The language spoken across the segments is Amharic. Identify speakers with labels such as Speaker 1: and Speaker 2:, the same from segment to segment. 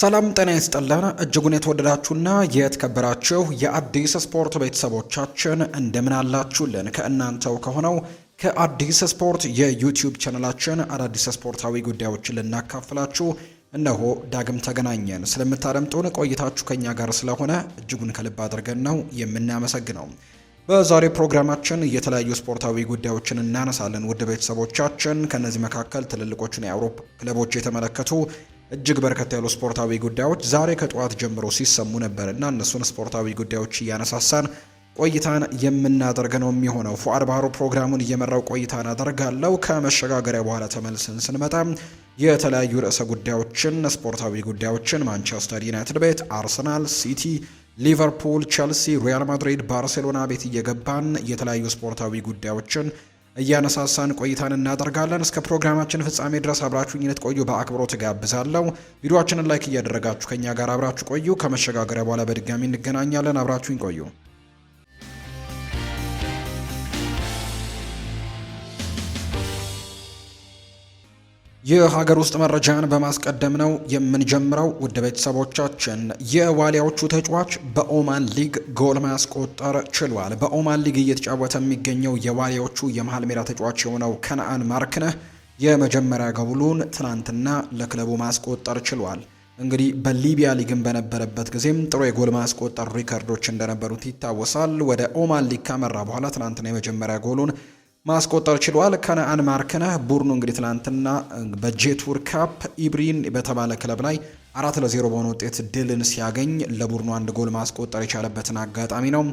Speaker 1: ሰላም ጤና ይስጥልን እጅጉን የተወደዳችሁና የተከበራችሁ የአዲስ ስፖርት ቤተሰቦቻችን እንደምን አላችሁልን? ከእናንተው ከሆነው ከአዲስ ስፖርት የዩቲዩብ ቻናላችን አዳዲስ ስፖርታዊ ጉዳዮችን ልናካፍላችሁ እነሆ ዳግም ተገናኘን። ስለምታደምጡን ቆይታችሁ ከኛ ጋር ስለሆነ እጅጉን ከልብ አድርገን ነው የምናመሰግነው። በዛሬው ፕሮግራማችን የተለያዩ ስፖርታዊ ጉዳዮችን እናነሳለን። ውድ ቤተሰቦቻችን ከእነዚህ መካከል ትልልቆቹን የአውሮፓ ክለቦች የተመለከቱ እጅግ በርከት ያሉ ስፖርታዊ ጉዳዮች ዛሬ ከጠዋት ጀምሮ ሲሰሙ ነበር እና እነሱን ስፖርታዊ ጉዳዮች እያነሳሳን ቆይታን የምናደርግ ነው የሚሆነው። ፉአድ ባህሩ ፕሮግራሙን እየመራው ቆይታን አደርጋለሁ። ከመሸጋገሪያ በኋላ ተመልሰን ስንመጣ የተለያዩ ርዕሰ ጉዳዮችን፣ ስፖርታዊ ጉዳዮችን ማንቸስተር ዩናይትድ ቤት፣ አርሰናል፣ ሲቲ፣ ሊቨርፑል፣ ቸልሲ፣ ሪያል ማድሪድ፣ ባርሴሎና ቤት እየገባን የተለያዩ ስፖርታዊ ጉዳዮችን እያነሳሳን ቆይታን እናደርጋለን። እስከ ፕሮግራማችን ፍጻሜ ድረስ አብራችሁ እኝነት ቆዩ በአክብሮት ጋብዛለሁ። ቪዲዮችንን ላይክ እያደረጋችሁ ከእኛ ጋር አብራችሁ ቆዩ። ከመሸጋገሪያ በኋላ በድጋሚ እንገናኛለን። አብራችሁኝ ቆዩ። የሀገር ውስጥ መረጃን በማስቀደም ነው የምንጀምረው። ውድ ቤተሰቦቻችን የዋሊያዎቹ ተጫዋች በኦማን ሊግ ጎል ማስቆጠር ችሏል። በኦማን ሊግ እየተጫወተ የሚገኘው የዋሊያዎቹ የመሀል ሜዳ ተጫዋች የሆነው ከነአን ማርክነህ የመጀመሪያ ጎሉን ትናንትና ለክለቡ ማስቆጠር ችሏል። እንግዲህ በሊቢያ ሊግን በነበረበት ጊዜም ጥሩ የጎል ማስቆጠር ሪከርዶች እንደነበሩት ይታወሳል። ወደ ኦማን ሊግ ካመራ በኋላ ትናንትና የመጀመሪያ ጎሉን ማስቆጠር ችሏል። ከነአን ማርክነህ ቡድኑ እንግዲህ ትላንትና በጄቱር ካፕ ኢብሪን በተባለ ክለብ ላይ አራት ለዜሮ በሆነ ውጤት ድልን ሲያገኝ ለቡድኑ አንድ ጎል ማስቆጠር የቻለበትን አጋጣሚ ነው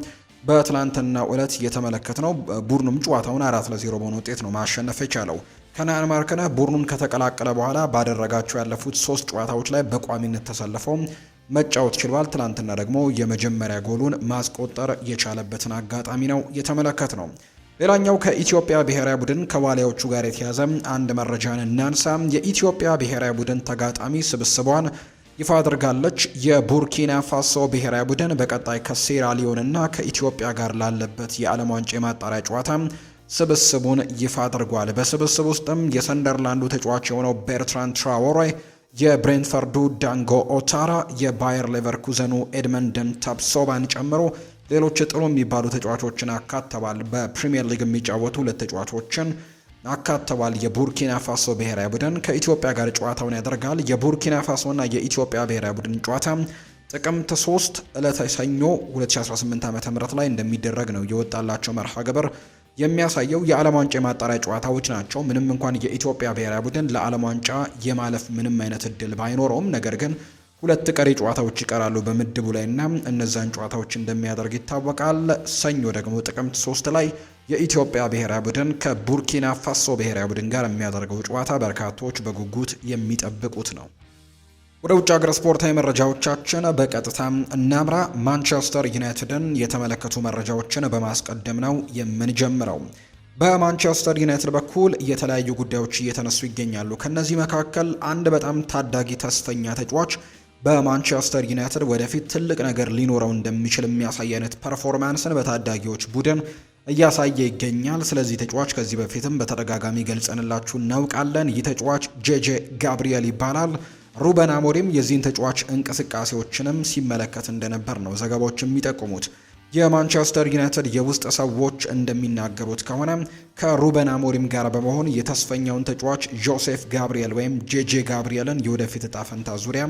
Speaker 1: በትላንትና ዕለት እየተመለከት ነው። ቡድኑም ጨዋታውን አራት ለዜሮ በሆነ ውጤት ነው ማሸነፍ የቻለው። ከነአን ማርክነህ ቡድኑን ከተቀላቀለ በኋላ ባደረጋቸው ያለፉት ሶስት ጨዋታዎች ላይ በቋሚነት ተሰልፈው መጫወት ችሏል። ትላንትና ደግሞ የመጀመሪያ ጎሉን ማስቆጠር የቻለበትን አጋጣሚ ነው የተመለከት ነው። ሌላኛው ከኢትዮጵያ ብሔራዊ ቡድን ከዋሊያዎቹ ጋር የተያዘ አንድ መረጃን እናንሳ። የኢትዮጵያ ብሔራዊ ቡድን ተጋጣሚ ስብስቧን ይፋ አድርጋለች። የቡርኪና ፋሶ ብሔራዊ ቡድን በቀጣይ ከሴራሊዮንና ከኢትዮጵያ ጋር ላለበት የዓለም ዋንጫ የማጣሪያ ጨዋታ ስብስቡን ይፋ አድርጓል። በስብስብ ውስጥም የሰንደርላንዱ ተጫዋች የሆነው ቤርትራን ትራዎሬ፣ የብሬንፈርዱ ዳንጎ ኦታራ፣ የባየር ሌቨርኩዘኑ ኤድመንደን ታፕሶባን ጨምሮ ሌሎች ጥሩ የሚባሉ ተጫዋቾችን አካተዋል። በፕሪምየር ሊግ የሚጫወቱ ሁለት ተጫዋቾችን አካተዋል። የቡርኪና ፋሶ ብሔራዊ ቡድን ከኢትዮጵያ ጋር ጨዋታውን ያደርጋል። የቡርኪና ፋሶና የኢትዮጵያ ብሔራዊ ቡድን ጨዋታ ጥቅምት 3 ዕለተ ሰኞ 2018 ዓ ም ላይ እንደሚደረግ ነው የወጣላቸው መርሃ ግብር የሚያሳየው። የዓለም ዋንጫ የማጣሪያ ጨዋታዎች ናቸው። ምንም እንኳን የኢትዮጵያ ብሔራዊ ቡድን ለዓለም ዋንጫ የማለፍ ምንም አይነት እድል ባይኖረውም ነገር ግን ሁለት ቀሪ ጨዋታዎች ይቀራሉ በምድቡ ላይ እና እነዛን ጨዋታዎች እንደሚያደርግ ይታወቃል። ሰኞ ደግሞ ጥቅምት ሶስት ላይ የኢትዮጵያ ብሔራዊ ቡድን ከቡርኪና ፋሶ ብሔራዊ ቡድን ጋር የሚያደርገው ጨዋታ በርካቶች በጉጉት የሚጠብቁት ነው። ወደ ውጭ ሀገር ስፖርታዊ መረጃዎቻችን በቀጥታ እናምራ። ማንቸስተር ዩናይትድን የተመለከቱ መረጃዎችን በማስቀደም ነው የምንጀምረው። በማንቸስተር ዩናይትድ በኩል የተለያዩ ጉዳዮች እየተነሱ ይገኛሉ። ከእነዚህ መካከል አንድ በጣም ታዳጊ ተስፈኛ ተጫዋች በማንቸስተር ዩናይትድ ወደፊት ትልቅ ነገር ሊኖረው እንደሚችል የሚያሳይ አይነት ፐርፎርማንስን በታዳጊዎች ቡድን እያሳየ ይገኛል። ስለዚህ ተጫዋች ከዚህ በፊትም በተደጋጋሚ ገልጸንላችሁ እናውቃለን። ይህ ተጫዋች ጄጄ ጋብሪኤል ይባላል። ሩበን አሞሪም የዚህን ተጫዋች እንቅስቃሴዎችንም ሲመለከት እንደነበር ነው ዘገባዎች የሚጠቁሙት። የማንቸስተር ዩናይትድ የውስጥ ሰዎች እንደሚናገሩት ከሆነ ከሩበን አሞሪም ጋር በመሆን የተስፈኛውን ተጫዋች ጆሴፍ ጋብሪኤል ወይም ጄጄ ጋብሪኤልን የወደፊት እጣ ፈንታ ዙሪያ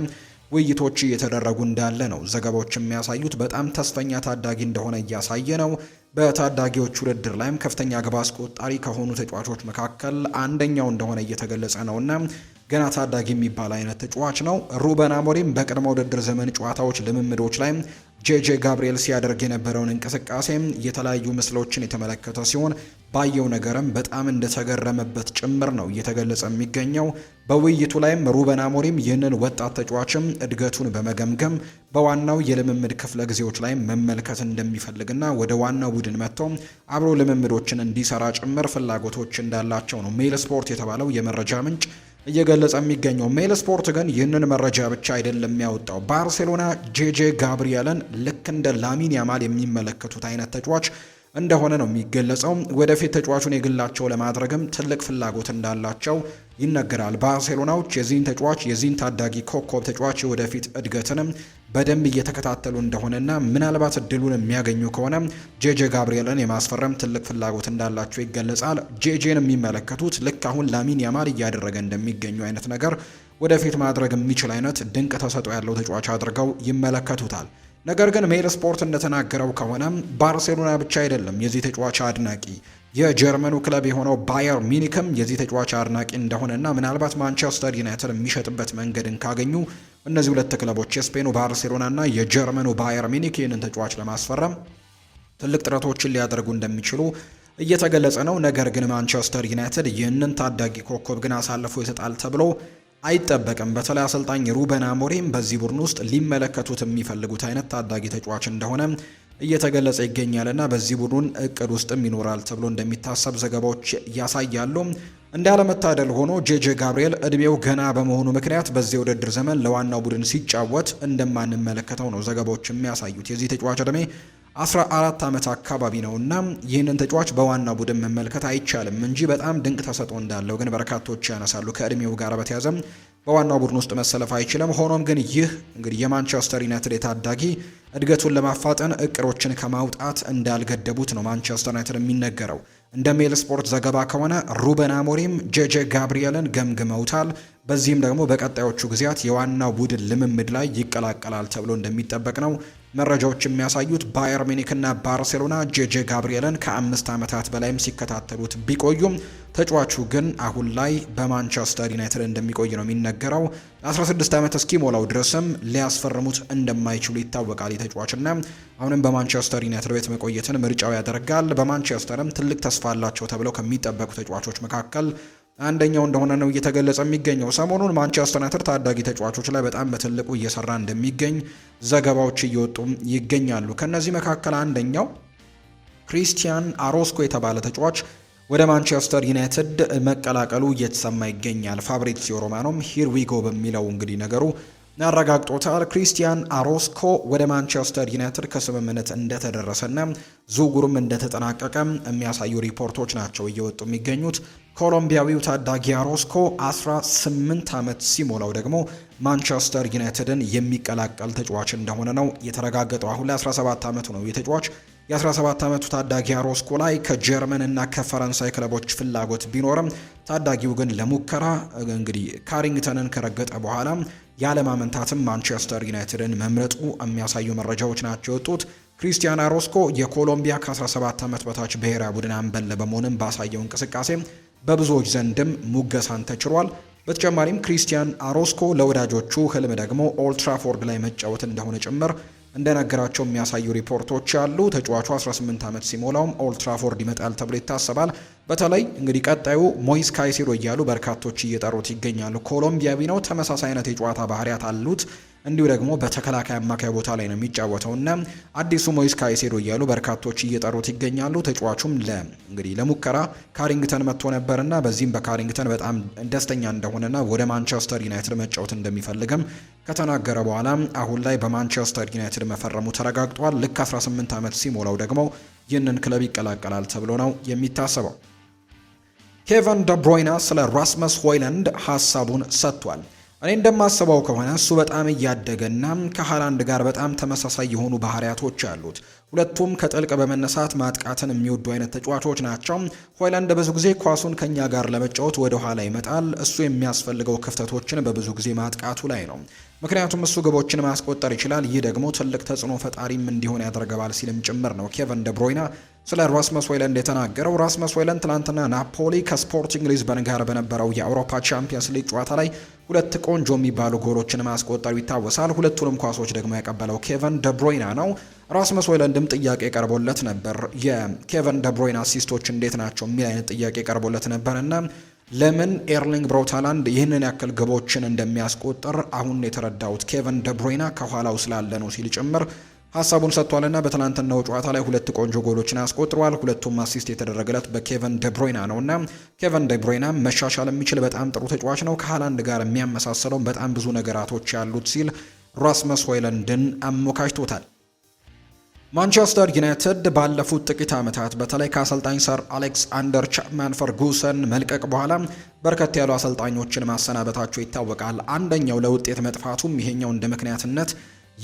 Speaker 1: ውይይቶች እየተደረጉ እንዳለ ነው ዘገባዎች የሚያሳዩት። በጣም ተስፈኛ ታዳጊ እንደሆነ እያሳየ ነው። በታዳጊዎች ውድድር ላይም ከፍተኛ ግብ አስቆጣሪ ከሆኑ ተጫዋቾች መካከል አንደኛው እንደሆነ እየተገለጸ ነውና ገና ታዳጊ የሚባል አይነት ተጫዋች ነው። ሩበን አሞሪም በቅድመ ውድድር ዘመን ጨዋታዎች ልምምዶች ላይም ጄጄ ጋብርኤል ሲያደርግ የነበረውን እንቅስቃሴም የተለያዩ ምስሎችን የተመለከተ ሲሆን ባየው ነገርም በጣም እንደተገረመበት ጭምር ነው እየተገለጸ የሚገኘው። በውይይቱ ላይም ሩበን አሞሪም ይህንን ወጣት ተጫዋችም እድገቱን በመገምገም በዋናው የልምምድ ክፍለ ጊዜዎች ላይ መመልከት እንደሚፈልግና ወደ ዋናው ቡድን መጥቶ አብሮ ልምምዶችን እንዲሰራ ጭምር ፍላጎቶች እንዳላቸው ነው ሜል ስፖርት የተባለው የመረጃ ምንጭ እየገለጸ የሚገኘው ሜል ስፖርት ግን ይህንን መረጃ ብቻ አይደለም ያወጣው። ባርሴሎና ጄጄ ጋብሪያልን ልክ እንደ ላሚን ያማል የሚመለከቱት አይነት ተጫዋች እንደሆነ ነው የሚገለጸው። ወደፊት ተጫዋቹን የግላቸው ለማድረግም ትልቅ ፍላጎት እንዳላቸው ይነገራል። ባርሴሎናዎች የዚህን ተጫዋች የዚህን ታዳጊ ኮከብ ተጫዋች ወደፊት እድገትንም በደንብ እየተከታተሉ እንደሆነና ምናልባት እድሉን የሚያገኙ ከሆነ ጄጄ ጋብሪኤልን የማስፈረም ትልቅ ፍላጎት እንዳላቸው ይገለጻል። ጄጄን የሚመለከቱት ልክ አሁን ላሚን ያማል እያደረገ እንደሚገኙ አይነት ነገር ወደፊት ማድረግ የሚችል አይነት ድንቅ ተሰጥኦ ያለው ተጫዋች አድርገው ይመለከቱታል። ነገር ግን ሜል ስፖርት እንደተናገረው ከሆነ ባርሴሎና ብቻ አይደለም የዚህ ተጫዋች አድናቂ የጀርመኑ ክለብ የሆነው ባየር ሚኒክም የዚህ ተጫዋች አድናቂ እንደሆነና ምናልባት ማንቸስተር ዩናይትድ የሚሸጥበት መንገድን ካገኙ እነዚህ ሁለት ክለቦች የስፔኑ ባርሴሎናና የጀርመኑ ባየር ሚኒክ ይህንን ተጫዋች ለማስፈረም ትልቅ ጥረቶችን ሊያደርጉ እንደሚችሉ እየተገለጸ ነው። ነገር ግን ማንቸስተር ዩናይትድ ይህንን ታዳጊ ኮከብ ግን አሳልፎ ይሰጣል ተብሎ አይጠበቅም። በተለይ አሰልጣኝ ሩበን አሞሪም በዚህ ቡድን ውስጥ ሊመለከቱት የሚፈልጉት አይነት ታዳጊ ተጫዋች እንደሆነ እየተገለጸ ይገኛል እና በዚህ ቡድን እቅድ ውስጥም ይኖራል ተብሎ እንደሚታሰብ ዘገባዎች ያሳያሉ። እንዳለመታደል ሆኖ ጄጄ ጋብርኤል እድሜው ገና በመሆኑ ምክንያት በዚህ ውድድር ዘመን ለዋናው ቡድን ሲጫወት እንደማንመለከተው ነው ዘገባዎች የሚያሳዩት። የዚህ ተጫዋች እድሜ አስራ አራት ዓመት አካባቢ ነው እና ይህንን ተጫዋች በዋናው ቡድን መመልከት አይቻልም እንጂ በጣም ድንቅ ተሰጥኦ እንዳለው ግን በርካቶች ያነሳሉ። ከእድሜው ጋር በተያዘም በዋናው ቡድን ውስጥ መሰለፍ አይችልም። ሆኖም ግን ይህ እንግዲህ የማንቸስተር ዩናይትድ የታዳጊ እድገቱን ለማፋጠን እቅዶችን ከማውጣት እንዳልገደቡት ነው ማንቸስተር ዩናይትድ የሚነገረው። እንደ ሜል ስፖርት ዘገባ ከሆነ ሩበን አሞሪም ጄጄ ጋብሪኤልን ገምግመውታል። በዚህም ደግሞ በቀጣዮቹ ጊዜያት የዋናው ቡድን ልምምድ ላይ ይቀላቀላል ተብሎ እንደሚጠበቅ ነው መረጃዎች የሚያሳዩት ባየር ሚኒክና ባርሴሎና ጄጄ ጋብሪኤልን ከአምስት ዓመታት በላይም ሲከታተሉት ቢቆዩም ተጫዋቹ ግን አሁን ላይ በማንቸስተር ዩናይትድ እንደሚቆይ ነው የሚነገረው። ለ16 ዓመት እስኪሞላው ድረስም ሊያስፈርሙት እንደማይችሉ ይታወቃል። የተጫዋችና አሁንም በማንቸስተር ዩናይትድ ቤት መቆየትን ምርጫው ያደርጋል። በማንቸስተርም ትልቅ ተስፋ አላቸው ተብለው ከሚጠበቁ ተጫዋቾች መካከል አንደኛው እንደሆነ ነው እየተገለጸ የሚገኘው። ሰሞኑን ማንቸስተር ዩናይትድ ታዳጊ ተጫዋቾች ላይ በጣም በትልቁ እየሰራ እንደሚገኝ ዘገባዎች እየወጡ ይገኛሉ። ከእነዚህ መካከል አንደኛው ክሪስቲያን አሮስኮ የተባለ ተጫዋች ወደ ማንቸስተር ዩናይትድ መቀላቀሉ እየተሰማ ይገኛል። ፋብሪዚዮ ሮማኖም ሂር ዊጎ በሚለው እንግዲህ ነገሩ አረጋግጦታል። ክሪስቲያን አሮስኮ ወደ ማንቸስተር ዩናይትድ ከስምምነት እንደተደረሰና ዝውውሩም እንደተጠናቀቀ የሚያሳዩ ሪፖርቶች ናቸው እየወጡ የሚገኙት። ኮሎምቢያዊው ታዳጊ አሮስኮ 18 ዓመት ሲሞላው ደግሞ ማንቸስተር ዩናይትድን የሚቀላቀል ተጫዋች እንደሆነ ነው የተረጋገጠው። አሁን ላይ 17 ዓመቱ ነው የተጫዋች የ17 ዓመቱ ታዳጊ አሮስኮ ላይ ከጀርመን እና ከፈረንሳይ ክለቦች ፍላጎት ቢኖርም ታዳጊው ግን ለሙከራ እንግዲህ ካሪንግተንን ከረገጠ በኋላ ያለማመንታትም ማንቸስተር ዩናይትድን መምረጡ የሚያሳዩ መረጃዎች ናቸው የወጡት። ክሪስቲያን አሮስኮ የኮሎምቢያ ከ17 ዓመት በታች ብሔራዊ ቡድን አንበል በመሆንም ባሳየው እንቅስቃሴ በብዙዎች ዘንድም ሙገሳን ተችሏል። በተጨማሪም ክሪስቲያን አሮስኮ ለወዳጆቹ ህልም ደግሞ ኦልትራፎርድ ላይ መጫወት እንደሆነ ጭምር እንደነገራቸው የሚያሳዩ ሪፖርቶች አሉ። ተጫዋቹ 18 ዓመት ሲሞላውም ኦልትራፎርድ ይመጣል ተብሎ ይታሰባል። በተለይ እንግዲህ ቀጣዩ ሞይስ ካይሴዶ እያሉ በርካቶች እየጠሩት ይገኛሉ። ኮሎምቢያዊ ነው። ተመሳሳይ አይነት የጨዋታ ባህሪያት አሉት። እንዲሁ ደግሞ በተከላካይ አማካይ ቦታ ላይ ነው የሚጫወተውና አዲሱ ሞይስ ካይሴዶ እያሉ በርካቶች እየጠሩት ይገኛሉ። ተጫዋቹም እንግዲህ ለሙከራ ካሪንግተን መጥቶ እና በዚህም በካሪንግተን በጣም ደስተኛ እንደሆነና ወደ ማንቸስተር ዩናይትድ መጫወት እንደሚፈልግም ከተናገረ በኋላ አሁን ላይ በማንቸስተር ዩናይትድ መፈረሙ ተረጋግጧል። ልክ 18 ዓመት ሲሞላው ደግሞ ይህንን ክለብ ይቀላቀላል ተብሎ ነው የሚታሰበው። ኬቨን ደብሮይና ስለ ራስመስ ሆይለንድ ሀሳቡን ሰጥቷል። እኔ እንደማስበው ከሆነ እሱ በጣም እያደገና ከሃላንድ ጋር በጣም ተመሳሳይ የሆኑ ባህሪያቶች አሉት። ሁለቱም ከጥልቅ በመነሳት ማጥቃትን የሚወዱ አይነት ተጫዋቾች ናቸው። ሆይላንድ ብዙ ጊዜ ኳሱን ከኛ ጋር ለመጫወት ወደ ኋላ ይመጣል። እሱ የሚያስፈልገው ክፍተቶችን በብዙ ጊዜ ማጥቃቱ ላይ ነው፣ ምክንያቱም እሱ ግቦችን ማስቆጠር ይችላል። ይህ ደግሞ ትልቅ ተጽዕኖ ፈጣሪም እንዲሆን ያደርገባል ሲልም ጭምር ነው ኬቨን ደብሮይና ስለ ራስመስ ሆይለንድ የተናገረው ራስመስ ሆይለንድ ትናንትና ናፖሊ ከስፖርቲንግ ሊዝበን ጋር በነበረው የአውሮፓ ቻምፒየንስ ሊግ ጨዋታ ላይ ሁለት ቆንጆ የሚባሉ ጎሎችን ማስቆጠሩ ይታወሳል። ሁለቱንም ኳሶች ደግሞ ያቀበለው ኬቨን ደብሮይና ነው። ራስመስ ሆይለንድም ጥያቄ ቀርቦለት ነበር። የኬቨን ደብሮይና አሲስቶች እንዴት ናቸው የሚል አይነት ጥያቄ ቀርቦለት ነበር እና ለምን ኤርሊንግ ብሮታላንድ ይህንን ያክል ግቦችን እንደሚያስቆጥር አሁን የተረዳሁት ኬቨን ደብሮይና ከኋላው ስላለ ነው ሲል ጭምር ሀሳቡን ሰጥቷልና በትናንትናው ጨዋታ ላይ ሁለት ቆንጆ ጎሎችን አስቆጥሯል። ሁለቱም አሲስት የተደረገለት በኬቨን ደብሮይና ነውና ኬቨን ደብሮይና መሻሻል የሚችል በጣም ጥሩ ተጫዋች ነው። ከሃላንድ ጋር የሚያመሳሰለው በጣም ብዙ ነገራቶች ያሉት ሲል ራስመስ ሆይለንድን አሞካሽቶታል። ማንቸስተር ዩናይትድ ባለፉት ጥቂት ዓመታት በተለይ ከአሰልጣኝ ሰር አሌክስ አንደር ቻፕማን ፈርጉሰን መልቀቅ በኋላ በርከት ያሉ አሰልጣኞችን ማሰናበታቸው ይታወቃል። አንደኛው ለውጤት መጥፋቱም ይሄኛው እንደ ምክንያትነት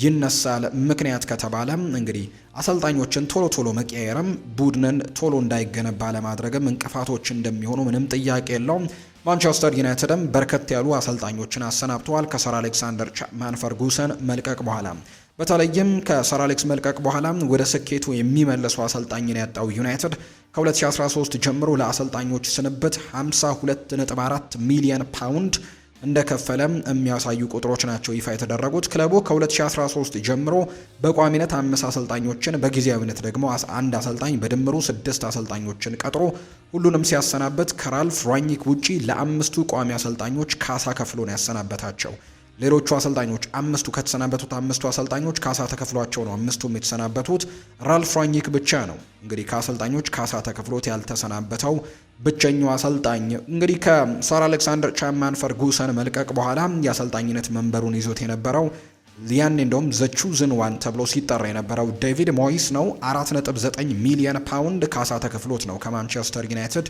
Speaker 1: ይነሳል። ምክንያት ከተባለ እንግዲህ አሰልጣኞችን ቶሎ ቶሎ መቀየርም ቡድንን ቶሎ እንዳይገነባ ለማድረግም እንቅፋቶች እንደሚሆኑ ምንም ጥያቄ የለውም። ማንቸስተር ዩናይትድም በርከት ያሉ አሰልጣኞችን አሰናብተዋል። ከሰር አሌክሳንደር ቻፕማን ፈርጉሰን መልቀቅ በኋላ በተለይም ከሰር አሌክስ መልቀቅ በኋላ ወደ ስኬቱ የሚመለሱ አሰልጣኝን ያጣው ዩናይትድ ከ2013 ጀምሮ ለአሰልጣኞች ስንብት 52.4 ሚሊዮን ፓውንድ እንደከፈለም የሚያሳዩ ቁጥሮች ናቸው ይፋ የተደረጉት። ክለቡ ከ2013 ጀምሮ በቋሚነት አምስት አሰልጣኞችን በጊዜያዊነት ደግሞ አንድ አሰልጣኝ በድምሩ ስድስት አሰልጣኞችን ቀጥሮ ሁሉንም ሲያሰናበት ከራልፍ ራኒክ ውጪ ለአምስቱ ቋሚ አሰልጣኞች ካሳ ከፍሎን ያሰናበታቸው። ሌሎቹ አሰልጣኞች አምስቱ ከተሰናበቱት አምስቱ አሰልጣኞች ካሳ ተከፍሏቸው ነው አምስቱም የተሰናበቱት። ራልፍ ራኒክ ብቻ ነው እንግዲህ ከአሰልጣኞች ካሳ ተከፍሎት ያልተሰናበተው ብቸኛው አሰልጣኝ። እንግዲህ ከሰር አሌክሳንደር ቻማን ፈርጉሰን መልቀቅ በኋላ የአሰልጣኝነት መንበሩን ይዞት የነበረው ያኔ እንደውም ዘ ቹዝን ዋን ተብሎ ሲጠራ የነበረው ዴቪድ ሞይስ ነው። 4.9 ሚሊዮን ፓውንድ ካሳ ተከፍሎት ነው ከማንቸስተር ዩናይትድ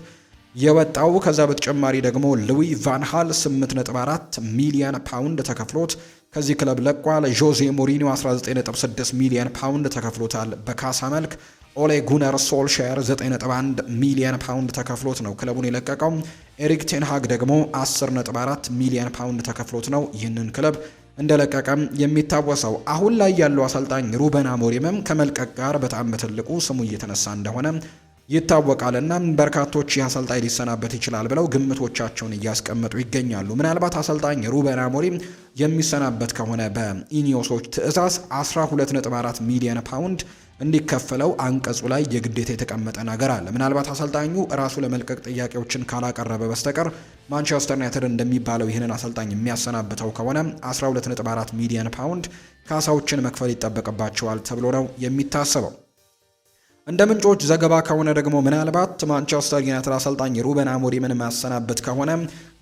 Speaker 1: የወጣው። ከዛ በተጨማሪ ደግሞ ሉዊ ቫንሃል 8.4 ሚሊዮን ፓውንድ ተከፍሎት ከዚህ ክለብ ለቋል። ዦዜ ሞሪኒዮ 19.6 ሚሊዮን ፓውንድ ተከፍሎታል በካሳ መልክ። ኦሌ ጉነር ሶልሻየር 9.1 ሚሊዮን ፓውንድ ተከፍሎት ነው ክለቡን የለቀቀው። ኤሪክ ቴንሃግ ደግሞ 10.4 ሚሊዮን ፓውንድ ተከፍሎት ነው ይህንን ክለብ እንደለቀቀም የሚታወሰው። አሁን ላይ ያለው አሰልጣኝ ሩበን አሞሪምም ከመልቀቅ ጋር በጣም በትልቁ ስሙ እየተነሳ እንደሆነ ይታወቃል። እና በርካቶች ይህ አሰልጣኝ ሊሰናበት ይችላል ብለው ግምቶቻቸውን እያስቀመጡ ይገኛሉ። ምናልባት አሰልጣኝ ሩበን አሞሪም የሚሰናበት ከሆነ በኢኒዮሶች ትዕዛዝ 12.4 ሚሊዮን ፓውንድ እንዲከፈለው አንቀጹ ላይ የግዴታ የተቀመጠ ነገር አለ። ምናልባት አሰልጣኙ ራሱ ለመልቀቅ ጥያቄዎችን ካላቀረበ በስተቀር ማንቸስተር ዩናይትድ እንደሚባለው ይህንን አሰልጣኝ የሚያሰናብተው ከሆነ 12.4 ሚሊዮን ፓውንድ ካሳዎችን መክፈል ይጠበቅባቸዋል ተብሎ ነው የሚታሰበው። እንደ ምንጮች ዘገባ ከሆነ ደግሞ ምናልባት ማንቸስተር ዩናይትድ አሰልጣኝ ሩበን አሞሪምን ማሰናበት ከሆነ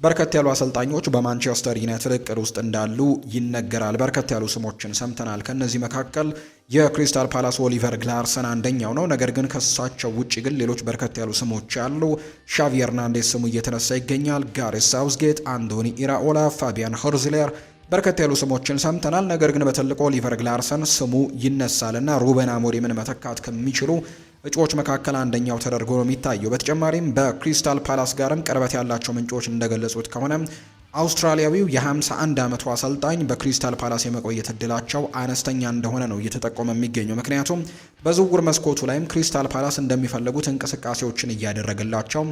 Speaker 1: በርከት ያሉ አሰልጣኞች በማንቸስተር ዩናይትድ እቅድ ውስጥ እንዳሉ ይነገራል። በርከት ያሉ ስሞችን ሰምተናል። ከእነዚህ መካከል የክሪስታል ፓላስ ኦሊቨር ግላርሰን አንደኛው ነው። ነገር ግን ከሳቸው ውጭ ግን ሌሎች በርከት ያሉ ስሞች አሉ። ሻቪ ኤርናንዴስ ስሙ እየተነሳ ይገኛል። ጋሬት ሳውዝጌት፣ አንቶኒ ኢራኦላ፣ ፋቢያን ሆርዝሌር በርከት ያሉ ስሞችን ሰምተናል። ነገር ግን በትልቁ ኦሊቨር ግላርሰን ስሙ ይነሳልና ሩበን አሞሪምን መተካት ከሚችሉ እጩዎች መካከል አንደኛው ተደርጎ ነው የሚታየው። በተጨማሪም በክሪስታል ፓላስ ጋርም ቅርበት ያላቸው ምንጮች እንደገለጹት ከሆነ አውስትራሊያዊው የ51 ዓመቱ አሰልጣኝ በክሪስታል ፓላስ የመቆየት እድላቸው አነስተኛ እንደሆነ ነው እየተጠቆመ የሚገኘው። ምክንያቱም በዝውውር መስኮቱ ላይም ክሪስታል ፓላስ እንደሚፈልጉት እንቅስቃሴዎችን እያደረገላቸው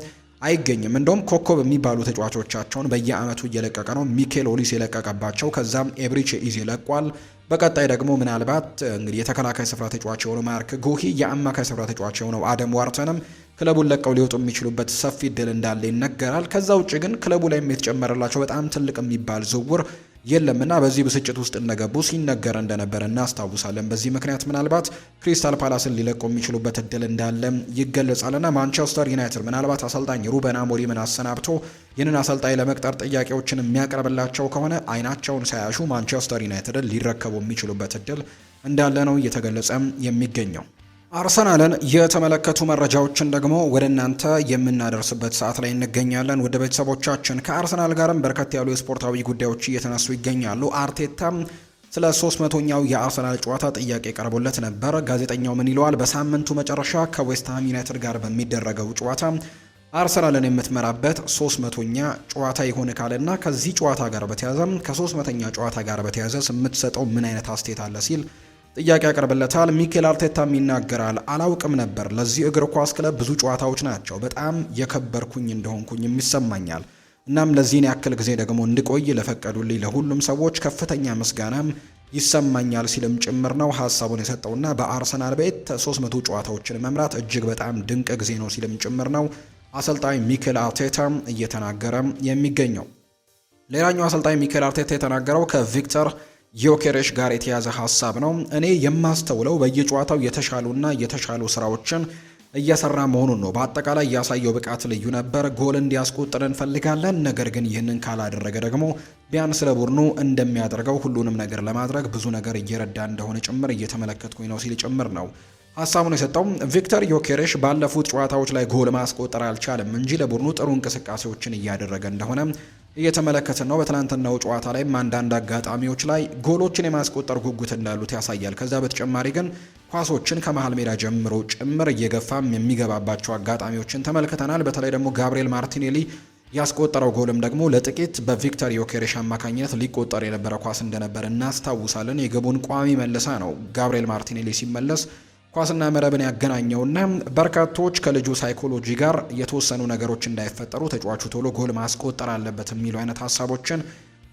Speaker 1: አይገኝም። እንደውም ኮከብ የሚባሉ ተጫዋቾቻቸውን በየአመቱ እየለቀቀ ነው። ሚኬል ኦሊስ የለቀቀባቸው፣ ከዛም ኤብሪች ኢዜ ለቋል። በቀጣይ ደግሞ ምናልባት እንግዲህ የተከላካይ ስፍራ ተጫዋች የሆነው ማርክ ጎሂ የአማካይ ስፍራ ተጫዋች የሆነው አደም ዋርተንም ክለቡን ለቀው ሊወጡ የሚችሉበት ሰፊ እድል እንዳለ ይነገራል። ከዛ ውጭ ግን ክለቡ ላይም የተጨመረላቸው በጣም ትልቅ የሚባል ዝውውር የለም እና በዚህ ብስጭት ውስጥ እንደገቡ ሲነገር እንደነበረ እናስታውሳለን። በዚህ ምክንያት ምናልባት ክሪስታል ፓላስን ሊለቁ የሚችሉበት እድል እንዳለ ይገለጻልና ማንቸስተር ዩናይትድ ምናልባት አሰልጣኝ ሩበን አሞሪምን አሰናብቶ ይህንን አሰልጣኝ ለመቅጠር ጥያቄዎችን የሚያቀርብላቸው ከሆነ አይናቸውን ሳያሹ ማንቸስተር ዩናይትድን ሊረከቡ የሚችሉበት እድል እንዳለ ነው እየተገለጸ የሚገኘው። አርሰናልን የተመለከቱ መረጃዎችን ደግሞ ወደ እናንተ የምናደርስበት ሰዓት ላይ እንገኛለን። ወደ ቤተሰቦቻችን ከአርሰናል ጋርም በርከት ያሉ የስፖርታዊ ጉዳዮች እየተነሱ ይገኛሉ። አርቴታም ስለ ሶስት መቶኛው የአርሰናል ጨዋታ ጥያቄ ቀርቦለት ነበር። ጋዜጠኛው ምን ይለዋል? በሳምንቱ መጨረሻ ከዌስትሃም ዩናይትድ ጋር በሚደረገው ጨዋታ አርሰናልን የምትመራበት ሶስት መቶኛ ጨዋታ ይሆን ካለና ከዚህ ጨዋታ ጋር በተያያዘ ከሶስት መቶኛ ጨዋታ ጋር በተያያዘ የምትሰጠው ምን አይነት አስቴት አለ ሲል ጥያቄ ያቀርብለታል። ሚኬል አርቴታም ይናገራል፣ አላውቅም ነበር ለዚህ እግር ኳስ ክለብ ብዙ ጨዋታዎች ናቸው በጣም የከበርኩኝ እንደሆንኩኝም ይሰማኛል። እናም ለዚህን ያክል ጊዜ ደግሞ እንድቆይ ለፈቀዱልኝ ለሁሉም ሰዎች ከፍተኛ ምስጋናም ይሰማኛል ሲልም ጭምር ነው ሀሳቡን የሰጠውና በአርሰናል ቤት 300 ጨዋታዎችን መምራት እጅግ በጣም ድንቅ ጊዜ ነው ሲልም ጭምር ነው አሰልጣኝ ሚኬል አርቴታ እየተናገረ የሚገኘው። ሌላኛው አሰልጣኝ ሚኬል አርቴታ የተናገረው ከቪክተር ዮኬሬሽ ጋር የተያዘ ሀሳብ ነው። እኔ የማስተውለው በየጨዋታው የተሻሉና የተሻሉ ስራዎችን እየሰራ መሆኑን ነው። በአጠቃላይ ያሳየው ብቃት ልዩ ነበር። ጎል እንዲያስቆጥር እንፈልጋለን። ነገር ግን ይህንን ካላደረገ ደግሞ ቢያንስ ለቡድኑ እንደሚያደርገው ሁሉንም ነገር ለማድረግ ብዙ ነገር እየረዳ እንደሆነ ጭምር እየተመለከትኩኝ ነው ሲል ጭምር ነው ሀሳቡን የሰጠው። ቪክተር ዮኬሬሽ ባለፉት ጨዋታዎች ላይ ጎል ማስቆጠር አልቻለም እንጂ ለቡድኑ ጥሩ እንቅስቃሴዎችን እያደረገ እንደሆነ እየተመለከትን ነው። በትናንትናው ጨዋታ ላይም አንዳንድ አጋጣሚዎች ላይ ጎሎችን የማስቆጠር ጉጉት እንዳሉት ያሳያል። ከዛ በተጨማሪ ግን ኳሶችን ከመሀል ሜዳ ጀምሮ ጭምር እየገፋም የሚገባባቸው አጋጣሚዎችን ተመልክተናል። በተለይ ደግሞ ጋብሪኤል ማርቲኔሊ ያስቆጠረው ጎልም ደግሞ ለጥቂት በቪክተር ዮኬሬሽ አማካኝነት ሊቆጠር የነበረ ኳስ እንደነበር እናስታውሳለን። የግቡን ቋሚ መለሳ ነው ጋብሪኤል ማርቲኔሊ ሲመለስ ኳስና መረብን ያገናኘውና በርካቶች ከልጁ ሳይኮሎጂ ጋር የተወሰኑ ነገሮች እንዳይፈጠሩ ተጫዋቹ ቶሎ ጎል ማስቆጠር አለበት የሚሉ አይነት ሀሳቦችን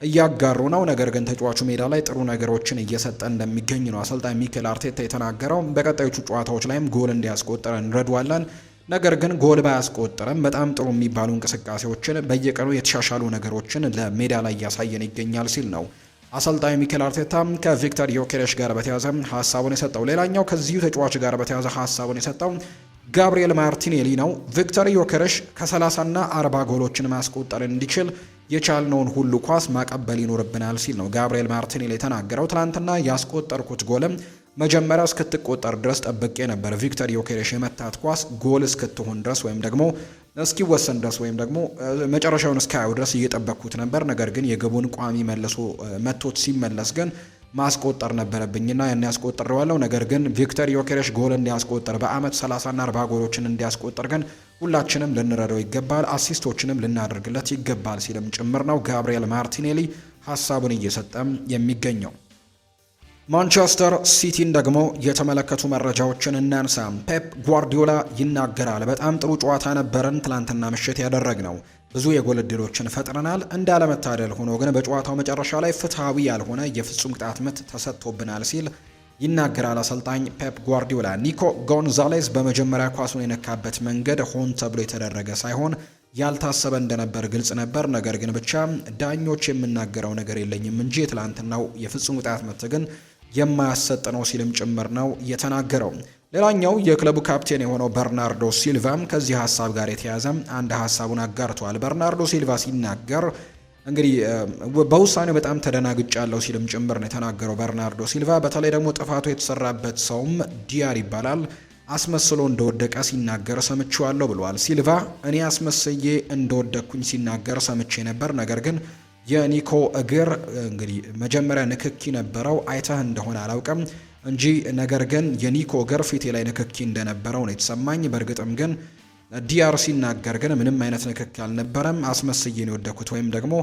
Speaker 1: እያጋሩ ነው። ነገር ግን ተጫዋቹ ሜዳ ላይ ጥሩ ነገሮችን እየሰጠ እንደሚገኝ ነው አሰልጣኝ ሚኬል አርቴታ የተናገረው። በቀጣዮቹ ጨዋታዎች ላይም ጎል እንዲያስቆጠረ እንረዷለን። ነገር ግን ጎል ባያስቆጠረም በጣም ጥሩ የሚባሉ እንቅስቃሴዎችን በየቀኑ የተሻሻሉ ነገሮችን ለሜዳ ላይ እያሳየን ይገኛል ሲል ነው አሰልጣኝ ሚኬል አርቴታ ከቪክተር ዮኬሬሽ ጋር በተያዘ ሀሳቡን የሰጠው ሌላኛው ከዚሁ ተጫዋች ጋር በተያዘ ሀሳቡን የሰጠው ጋብሪኤል ማርቲኔሊ ነው። ቪክተር ዮኬሬሽ ከ30ና 40 ጎሎችን ማስቆጠር እንዲችል የቻልነውን ሁሉ ኳስ ማቀበል ይኖርብናል ሲል ነው ጋብሪኤል ማርቲኔሊ የተናገረው። ትናንትና ያስቆጠርኩት ጎልም መጀመሪያ እስክትቆጠር ድረስ ጠብቄ ነበር። ቪክተር ዮኬሬሽ የመታት ኳስ ጎል እስክትሆን ድረስ ወይም ደግሞ እስኪወሰን ድረስ ወይም ደግሞ መጨረሻውን እስካየው ድረስ እየጠበቅኩት ነበር። ነገር ግን የግቡን ቋሚ መልሶ መቶት ሲመለስ ግን ማስቆጠር ነበረብኝና ያን ያስቆጥረዋለሁ። ነገር ግን ቪክተር ዮኬሬሽ ጎል እንዲያስቆጥር በአመት 30ና 40 ጎሎችን እንዲያስቆጥር ግን ሁላችንም ልንረዳው ይገባል፣ አሲስቶችንም ልናደርግለት ይገባል ሲልም ጭምር ነው ጋብሪኤል ማርቲኔሊ ሀሳቡን እየሰጠም የሚገኘው። ማንቸስተር ሲቲን ደግሞ የተመለከቱ መረጃዎችን እናንሳ። ፔፕ ጓርዲዮላ ይናገራል። በጣም ጥሩ ጨዋታ ነበረን ትላንትና ምሽት ያደረግነው። ብዙ የጎል እድሎችን ፈጥረናል። እንዳለመታደል ሆኖ ግን በጨዋታው መጨረሻ ላይ ፍትሐዊ ያልሆነ የፍጹም ቅጣት ምት ተሰጥቶብናል ሲል ይናገራል አሰልጣኝ ፔፕ ጓርዲዮላ። ኒኮ ጎንዛሌዝ በመጀመሪያ ኳሱን የነካበት መንገድ ሆን ተብሎ የተደረገ ሳይሆን ያልታሰበ እንደነበር ግልጽ ነበር። ነገር ግን ብቻ ዳኞች የምናገረው ነገር የለኝም እንጂ የትላንትናው የፍጹም ቅጣት ምት ግን የማያሰጥ ነው ሲልም ጭምር ነው የተናገረው። ሌላኛው የክለቡ ካፕቴን የሆነው በርናርዶ ሲልቫም ከዚህ ሀሳብ ጋር የተያያዘ አንድ ሀሳቡን አጋርተዋል። በርናርዶ ሲልቫ ሲናገር እንግዲህ በውሳኔው በጣም ተደናግጭ ያለው ሲልም ጭምር ነው የተናገረው። በርናርዶ ሲልቫ በተለይ ደግሞ ጥፋቱ የተሰራበት ሰውም ዲያር ይባላል አስመስሎ እንደወደቀ ሲናገር ሰምቼዋለሁ ብለዋል። ሲልቫ እኔ አስመስዬ እንደወደኩኝ ሲናገር ሰምቼ ነበር፣ ነገር ግን የኒኮ እግር እንግዲህ መጀመሪያ ንክኪ ነበረው። አይተህ እንደሆነ አላውቅም እንጂ ነገር ግን የኒኮ እግር ፊቴ ላይ ንክኪ እንደነበረው ነው የተሰማኝ። በእርግጥም ግን ዲአር ሲናገር ግን ምንም አይነት ንክኪ አልነበረም፣ አስመስዬ ነው የወደኩት ወይም ደግሞ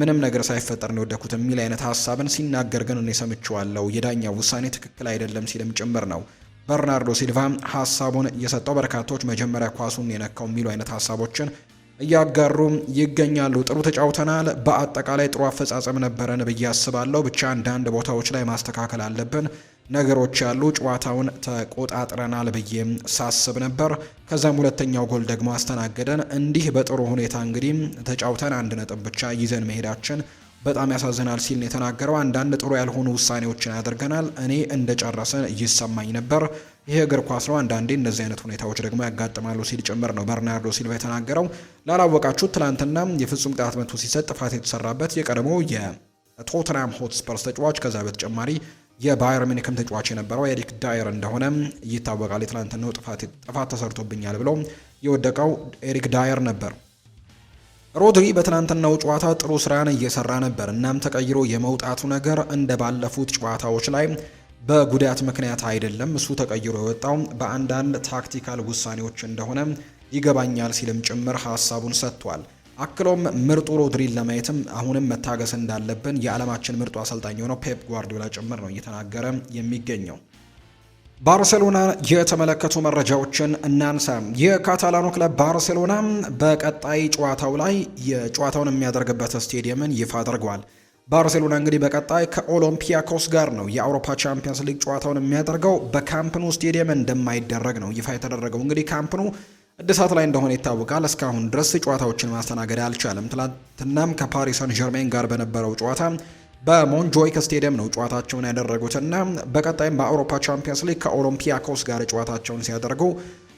Speaker 1: ምንም ነገር ሳይፈጠር ነው የወደኩት የሚል አይነት ሀሳብን ሲናገር ግን እኔ ሰምቼዋለሁ። የዳኛው ውሳኔ ትክክል አይደለም ሲልም ጭምር ነው በርናርዶ ሲልቫ ሀሳቡን እየሰጠው። በርካቶች መጀመሪያ ኳሱን የነካው የሚሉ አይነት ሀሳቦችን እያጋሩ ይገኛሉ። ጥሩ ተጫውተናል። በአጠቃላይ ጥሩ አፈጻጸም ነበረን ብዬ አስባለሁ። ብቻ አንዳንድ ቦታዎች ላይ ማስተካከል አለብን ነገሮች ያሉ ጨዋታውን ተቆጣጥረናል ብዬም ሳስብ ነበር። ከዛም ሁለተኛው ጎል ደግሞ አስተናገደን። እንዲህ በጥሩ ሁኔታ እንግዲህ ተጫውተን አንድ ነጥብ ብቻ ይዘን መሄዳችን በጣም ያሳዝናል ሲል ነው የተናገረው። አንዳንድ ጥሩ ያልሆኑ ውሳኔዎችን አድርገናል። እኔ እንደጨረሰ ይሰማኝ ነበር ይህ እግር ኳስ ነው። አንዳንዴ እነዚህ አይነት ሁኔታዎች ደግሞ ያጋጥማሉ ሲል ጭምር ነው በርናርዶ ሲልቫ የተናገረው። ላላወቃችሁ ትናንትና የፍጹም ቅጣት መቶ ሲሰጥ ጥፋት የተሰራበት የቀድሞ የቶትናም ሆትስፐርስ ተጫዋች ከዛ በተጨማሪ የባየር ሚኒክም ተጫዋች የነበረው ኤሪክ ዳየር እንደሆነ ይታወቃል። የትናንትናው ጥፋት ተሰርቶብኛል ብሎ የወደቀው ኤሪክ ዳየር ነበር። ሮድሪ በትናንትናው ጨዋታ ጥሩ ስራን እየሰራ ነበር። እናም ተቀይሮ የመውጣቱ ነገር እንደ ባለፉት ጨዋታዎች ላይ በጉዳት ምክንያት አይደለም እሱ ተቀይሮ የወጣው በአንዳንድ ታክቲካል ውሳኔዎች እንደሆነ ይገባኛል ሲልም ጭምር ሀሳቡን ሰጥቷል። አክሎም ምርጡ ሮድሪን ለማየትም አሁንም መታገስ እንዳለብን የዓለማችን ምርጡ አሰልጣኝ የሆነው ፔፕ ጓርዲዮላ ጭምር ነው እየተናገረ የሚገኘው። ባርሴሎና የተመለከቱ መረጃዎችን እናንሳ። የካታላኑ ክለብ ባርሴሎና በቀጣይ ጨዋታው ላይ የጨዋታውን የሚያደርግበት ስቴዲየምን ይፋ አድርጓል። ባርሴሎና እንግዲህ በቀጣይ ከኦሎምፒያኮስ ጋር ነው የአውሮፓ ቻምፒየንስ ሊግ ጨዋታውን የሚያደርገው። በካምፕኑ ስቴዲየም እንደማይደረግ ነው ይፋ የተደረገው። እንግዲህ ካምፕኑ እድሳት ላይ እንደሆነ ይታወቃል። እስካሁን ድረስ ጨዋታዎችን ማስተናገድ አልቻለም። ትናንትናም ከፓሪስ ሰን ዠርሜን ጋር በነበረው ጨዋታ በሞንጆይክ ስቴዲየም ነው ጨዋታቸውን ያደረጉትና በቀጣይም በአውሮፓ ቻምፒየንስ ሊግ ከኦሎምፒያኮስ ጋር ጨዋታቸውን ሲያደርጉ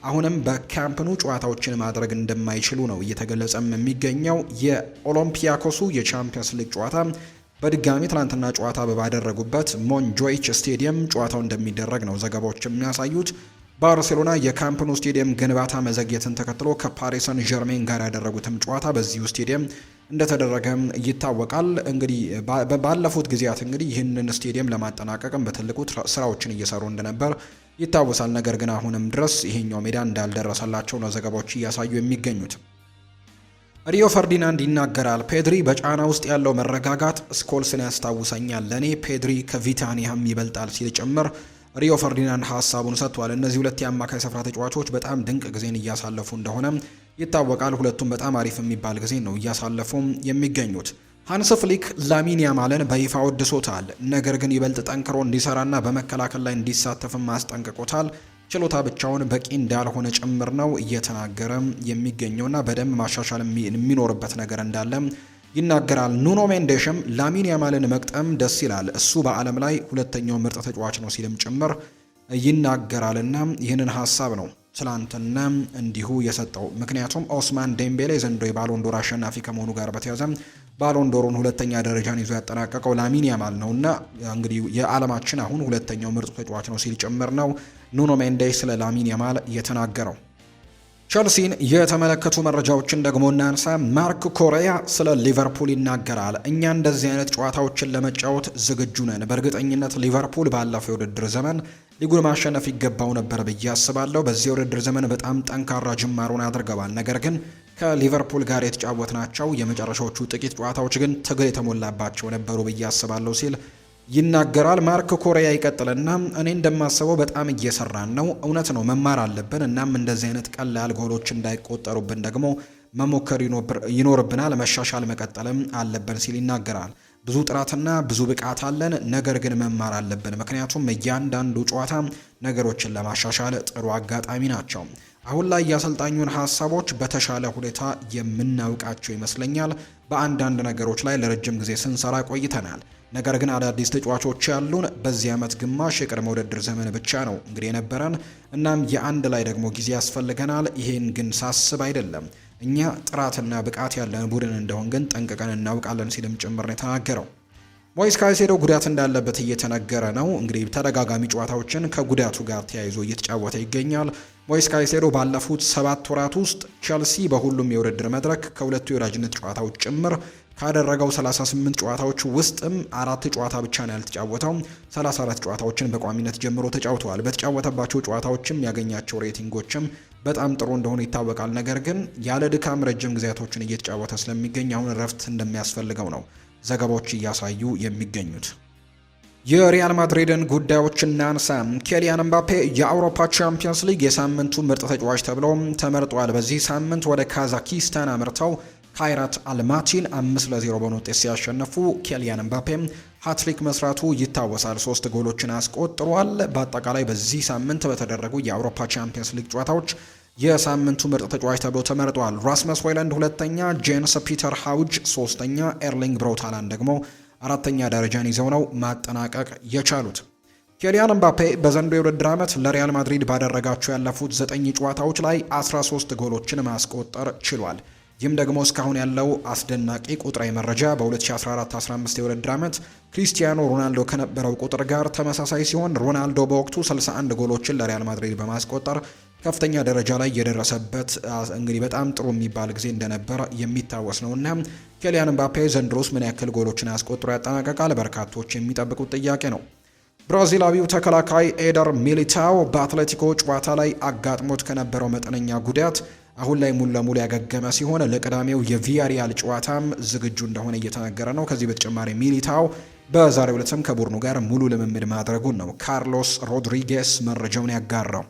Speaker 1: አሁንም በካምፕኑ ጨዋታዎችን ማድረግ እንደማይችሉ ነው እየተገለጸም የሚገኘው። የኦሎምፒያኮሱ የቻምፒየንስ ሊግ ጨዋታ በድጋሚ ትናንትና ጨዋታ ባደረጉበት ሞንጆይች ስቴዲየም ጨዋታው እንደሚደረግ ነው ዘገባዎች የሚያሳዩት። ባርሴሎና የካምፕኑ ስቴዲየም ግንባታ መዘግየትን ተከትሎ ከፓሪሰን ጀርሜን ጋር ያደረጉትም ጨዋታ በዚሁ ስቴዲየም እንደተደረገም ይታወቃል። እንግዲህ ባለፉት ጊዜያት እንግዲህ ይህንን ስቴዲየም ለማጠናቀቅም በትልቁ ስራዎችን እየሰሩ እንደነበር ይታወሳል። ነገር ግን አሁንም ድረስ ይሄኛው ሜዳ እንዳልደረሰላቸው ነው ዘገባዎች እያሳዩ የሚገኙት። ሪዮ ፈርዲናንድ ይናገራል። ፔድሪ በጫና ውስጥ ያለው መረጋጋት ስኮልስን ያስታውሰኛል። ለእኔ ፔድሪ ከቪታኒያም ይበልጣል ሲል ጭምር ሪዮ ፈርዲናንድ ሀሳቡን ሰጥቷል። እነዚህ ሁለት የአማካይ ስፍራ ተጫዋቾች በጣም ድንቅ ጊዜን እያሳለፉ እንደሆነ ይታወቃል። ሁለቱም በጣም አሪፍ የሚባል ጊዜ ነው እያሳለፉ የሚገኙት። ሃንስ ፍሊክ ላሚን ያማልን በይፋ ወድሶታል። ነገር ግን ይበልጥ ጠንክሮ እንዲሰራና በመከላከል ላይ እንዲሳተፍም አስጠንቅቆታል። ችሎታ ብቻውን በቂ እንዳልሆነ ጭምር ነው እየተናገረ የሚገኘውና በደንብ ማሻሻል የሚኖርበት ነገር እንዳለ ይናገራል። ኑኖ ሜንዴሽም ላሚን ያማልን መቅጠም ደስ ይላል፣ እሱ በዓለም ላይ ሁለተኛው ምርጥ ተጫዋች ነው ሲልም ጭምር ይናገራልና ይህንን ሀሳብ ነው ትላንትና እንዲሁ የሰጠው ምክንያቱም ኦስማን ዴምቤሌ ዘንድሮ የባሎንዶር አሸናፊ ከመሆኑ ጋር በተያያዘ ባሎንዶሩን ሁለተኛ ደረጃን ይዞ ያጠናቀቀው ላሚን ያማል ነው እና እንግዲህ የዓለማችን አሁን ሁለተኛው ምርጡ ተጫዋች ነው ሲል ጭምር ነው ኑኖ ሜንዴስ ስለ ላሚን ያማል የተናገረው። ቸልሲን የተመለከቱ መረጃዎችን ደግሞ እናንሳ። ማርክ ኮሪያ ስለ ሊቨርፑል ይናገራል። እኛ እንደዚህ አይነት ጨዋታዎችን ለመጫወት ዝግጁ ነን። በእርግጠኝነት ሊቨርፑል ባለፈው የውድድር ዘመን ሊጉን ማሸነፍ ይገባው ነበር ብዬ አስባለሁ። በዚህ የውድድር ዘመን በጣም ጠንካራ ጅማሩን አድርገዋል። ነገር ግን ከሊቨርፑል ጋር የተጫወት ናቸው የመጨረሻዎቹ ጥቂት ጨዋታዎች ግን ትግል የተሞላባቸው ነበሩ ብዬ አስባለሁ ሲል ይናገራል። ማርክ ኮሪያ ይቀጥልና እኔ እንደማስበው በጣም እየሰራን ነው። እውነት ነው መማር አለብን። እናም እንደዚህ አይነት ቀላል ጎሎች እንዳይቆጠሩብን ደግሞ መሞከር ይኖርብናል። መሻሻል መቀጠልም አለብን ሲል ይናገራል። ብዙ ጥራትና ብዙ ብቃት አለን፣ ነገር ግን መማር አለብን። ምክንያቱም እያንዳንዱ ጨዋታ ነገሮችን ለማሻሻል ጥሩ አጋጣሚ ናቸው። አሁን ላይ የአሰልጣኙን ሀሳቦች በተሻለ ሁኔታ የምናውቃቸው ይመስለኛል። በአንዳንድ ነገሮች ላይ ለረጅም ጊዜ ስንሰራ ቆይተናል። ነገር ግን አዳዲስ ተጫዋቾች ያሉን በዚህ ዓመት ግማሽ የቅድመ ውድድር ዘመን ብቻ ነው እንግዲህ የነበረን። እናም የአንድ ላይ ደግሞ ጊዜ ያስፈልገናል። ይሄን ግን ሳስብ አይደለም። እኛ ጥራትና ብቃት ያለን ቡድን እንደሆን ግን ጠንቅቀን እናውቃለን ሲልም ጭምር ነው የተናገረው። ሞይስ ካይሴዶ ጉዳት እንዳለበት እየተነገረ ነው። እንግዲህ ተደጋጋሚ ጨዋታዎችን ከጉዳቱ ጋር ተያይዞ እየተጫወተ ይገኛል። ሞይስ ካይሴዶ ባለፉት ሰባት ወራት ውስጥ ቸልሲ በሁሉም የውድድር መድረክ ከሁለቱ የወዳጅነት ጨዋታዎች ጭምር ካደረገው 38 ጨዋታዎች ውስጥም አራት ጨዋታ ብቻ ነው ያልተጫወተው። 34 ጨዋታዎችን በቋሚነት ጀምሮ ተጫውተዋል። በተጫወተባቸው ጨዋታዎችም ያገኛቸው ሬቲንጎችም በጣም ጥሩ እንደሆነ ይታወቃል። ነገር ግን ያለ ድካም ረጅም ጊዜያቶችን እየተጫወተ ስለሚገኝ አሁን እረፍት እንደሚያስፈልገው ነው ዘገባዎች እያሳዩ የሚገኙት። የሪያል ማድሪድን ጉዳዮች እናንሳ። ኬሊያን ምባፔ የአውሮፓ ቻምፒየንስ ሊግ የሳምንቱ ምርጥ ተጫዋች ተብለው ተመርጧል። በዚህ ሳምንት ወደ ካዛኪስታን አምርተው ካይራት አልማቲን አምስት ለዜሮ በሆነ ውጤት ሲያሸነፉ ኬሊያን ምባፔ ሀትሪክ መስራቱ ይታወሳል። ሶስት ጎሎችን አስቆጥሯል። በአጠቃላይ በዚህ ሳምንት በተደረጉ የአውሮፓ ቻምፒየንስ ሊግ ጨዋታዎች የሳምንቱ ምርጥ ተጫዋች ተብሎ ተመርጧል። ራስመስ ሆይለንድ ሁለተኛ፣ ጄንስ ፒተር ሃውጅ ሶስተኛ፣ ኤርሊንግ ብሮታላን ደግሞ አራተኛ ደረጃን ይዘው ነው ማጠናቀቅ የቻሉት። ኬሊያን ኤምባፔ በዘንዶ የውድድር ዓመት ለሪያል ማድሪድ ባደረጋቸው ያለፉት ዘጠኝ ጨዋታዎች ላይ 13 ጎሎችን ማስቆጠር ችሏል። ይህም ደግሞ እስካሁን ያለው አስደናቂ ቁጥራዊ መረጃ በ2014-15 የውድድር ዓመት ክሪስቲያኖ ሮናልዶ ከነበረው ቁጥር ጋር ተመሳሳይ ሲሆን ሮናልዶ በወቅቱ 61 ጎሎችን ለሪያል ማድሪድ በማስቆጠር ከፍተኛ ደረጃ ላይ የደረሰበት እንግዲህ በጣም ጥሩ የሚባል ጊዜ እንደነበር የሚታወስ ነው እና ኬሊያን ምባፔ ዘንድሮስ ምን ያክል ጎሎችን አስቆጥሮ ያጠናቀቃል? በርካቶች የሚጠብቁት ጥያቄ ነው። ብራዚላዊው ተከላካይ ኤደር ሚሊታው በአትሌቲኮ ጨዋታ ላይ አጋጥሞት ከነበረው መጠነኛ ጉዳት አሁን ላይ ሙሉ ለሙሉ ያገገመ ሲሆን ለቅዳሜው የቪያሪያል ጨዋታም ዝግጁ እንደሆነ እየተነገረ ነው። ከዚህ በተጨማሪ ሚሊታው በዛሬው ዕለትም ከቡድኑ ጋር ሙሉ ልምምድ ማድረጉን ነው ካርሎስ ሮድሪጌስ መረጃውን ያጋራው።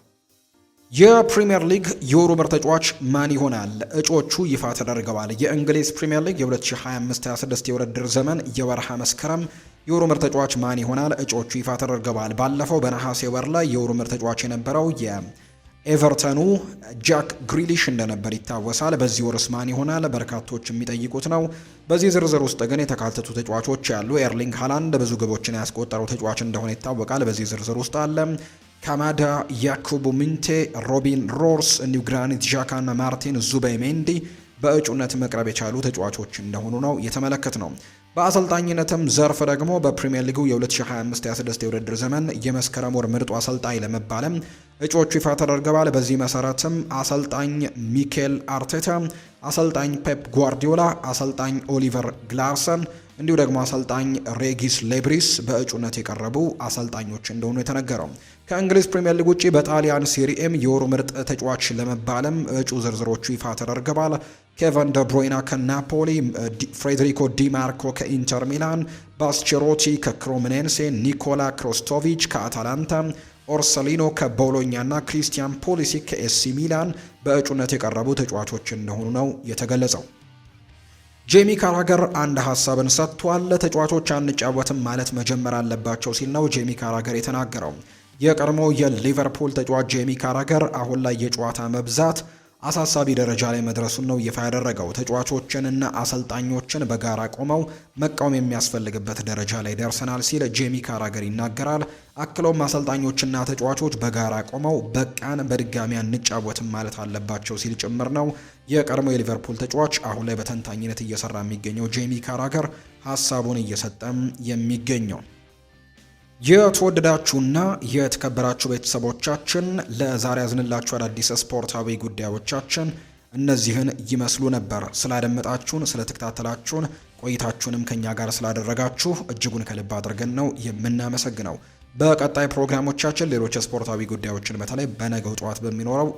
Speaker 1: የፕሪምየር ሊግ የወሩ ምርጥ ተጫዋች ማን ይሆናል? እጩዎቹ ይፋ ተደርገዋል። የእንግሊዝ ፕሪምየር ሊግ የ2025/26 የውድድር ዘመን የወርሃ መስከረም የወሩ ምርጥ ተጫዋች ማን ይሆናል? እጩዎቹ ይፋ ተደርገዋል። ባለፈው በነሐሴ ወር ላይ የወሩ ምርጥ ተጫዋች የነበረው የኤቨርተኑ ጃክ ግሪሊሽ እንደነበር ይታወሳል። በዚህ ወርስ ማን ይሆናል? በርካቶች የሚጠይቁት ነው። በዚህ ዝርዝር ውስጥ ግን የተካተቱ ተጫዋቾች ያሉ ኤርሊንግ ሃላንድ ብዙ ግቦችን ያስቆጠረው ተጫዋች እንደሆነ ይታወቃል። በዚህ ዝርዝር ውስጥ አለ። ካማዳ፣ ያኩቡ ሚንቴ፣ ሮቢን ሮርስ እንዲሁ ግራኒት ዣካና ማርቲን ዙበይ ሜንዲ በእጩነት መቅረብ የቻሉ ተጫዋቾች እንደሆኑ ነው የተመለከት ነው። በአሰልጣኝነትም ዘርፍ ደግሞ በፕሪምየር ሊጉ የ2025/26 የውድድር ዘመን የመስከረም ወር ምርጡ አሰልጣኝ ለመባለም እጩዎቹ ይፋ ተደርገዋል። በዚህ መሰረትም አሰልጣኝ ሚኬል አርቴታ፣ አሰልጣኝ ፔፕ ጓርዲዮላ፣ አሰልጣኝ ኦሊቨር ግላርሰን እንዲሁ ደግሞ አሰልጣኝ ሬጊስ ሌብሪስ በእጩነት የቀረቡ አሰልጣኞች እንደሆኑ የተነገረው። ከእንግሊዝ ፕሪምየር ሊግ ውጪ በጣሊያን ሴሪኤም የወሩ ምርጥ ተጫዋች ለመባለም እጩ ዝርዝሮቹ ይፋ ተደርገዋል። ኬቨን ደብሮይና ከናፖሊ፣ ፍሬድሪኮ ዲማርኮ ከኢንተር ሚላን፣ ባስቸሮቲ ከክሮምኔንሴ፣ ኒኮላ ክሮስቶቪች ከአታላንታ ኦርሰሊኖ ከቦሎኛ ና ክሪስቲያን ፖሊሲ ከኤሲ ሚላን በእጩነት የቀረቡ ተጫዋቾች እንደሆኑ ነው የተገለጸው። ጄሚ ካራገር አንድ ሀሳብን ሰጥቷል። ተጫዋቾች አንጫወትም ማለት መጀመር አለባቸው ሲል ነው ጄሚ ካራገር የተናገረው። የቀድሞ የሊቨርፑል ተጫዋች ጄሚ ካራገር አሁን ላይ የጨዋታ መብዛት አሳሳቢ ደረጃ ላይ መድረሱን ነው ይፋ ያደረገው። ተጫዋቾችንና አሰልጣኞችን በጋራ ቆመው መቃወም የሚያስፈልግበት ደረጃ ላይ ደርሰናል ሲል ጄሚ ካራገር ይናገራል። አክለውም አሰልጣኞችና ተጫዋቾች በጋራ ቆመው በቃን፣ በድጋሚ አንጫወትም ማለት አለባቸው ሲል ጭምር ነው የቀድሞ የሊቨርፑል ተጫዋች አሁን ላይ በተንታኝነት እየሰራ የሚገኘው ጄሚ ካራገር ሀሳቡን እየሰጠም የሚገኘው የተወደዳችሁና የተከበራችሁ ቤተሰቦቻችን ለዛሬ ያዝንላችሁ አዳዲስ ስፖርታዊ ጉዳዮቻችን እነዚህን ይመስሉ ነበር። ስላደመጣችሁን፣ ስለተከታተላችሁን ቆይታችሁንም ከኛ ጋር ስላደረጋችሁ እጅጉን ከልብ አድርገን ነው የምናመሰግነው። በቀጣይ ፕሮግራሞቻችን ሌሎች ስፖርታዊ ጉዳዮችን በተለይ በነገው ጠዋት በሚኖረው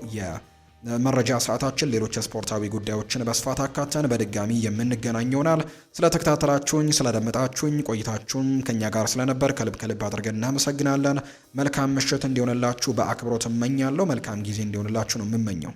Speaker 1: መረጃ ሰዓታችን ሌሎች ስፖርታዊ ጉዳዮችን በስፋት አካተን በድጋሚ የምንገናኝ ይሆናል። ስለተከታተላችሁኝ፣ ስለደመጣችሁኝ፣ ቆይታችሁን ከኛ ጋር ስለነበር ከልብ ከልብ አድርገን እናመሰግናለን። መልካም ምሽት እንዲሆንላችሁ በአክብሮት እመኛለሁ። መልካም ጊዜ እንዲሆንላችሁ ነው የምመኘው።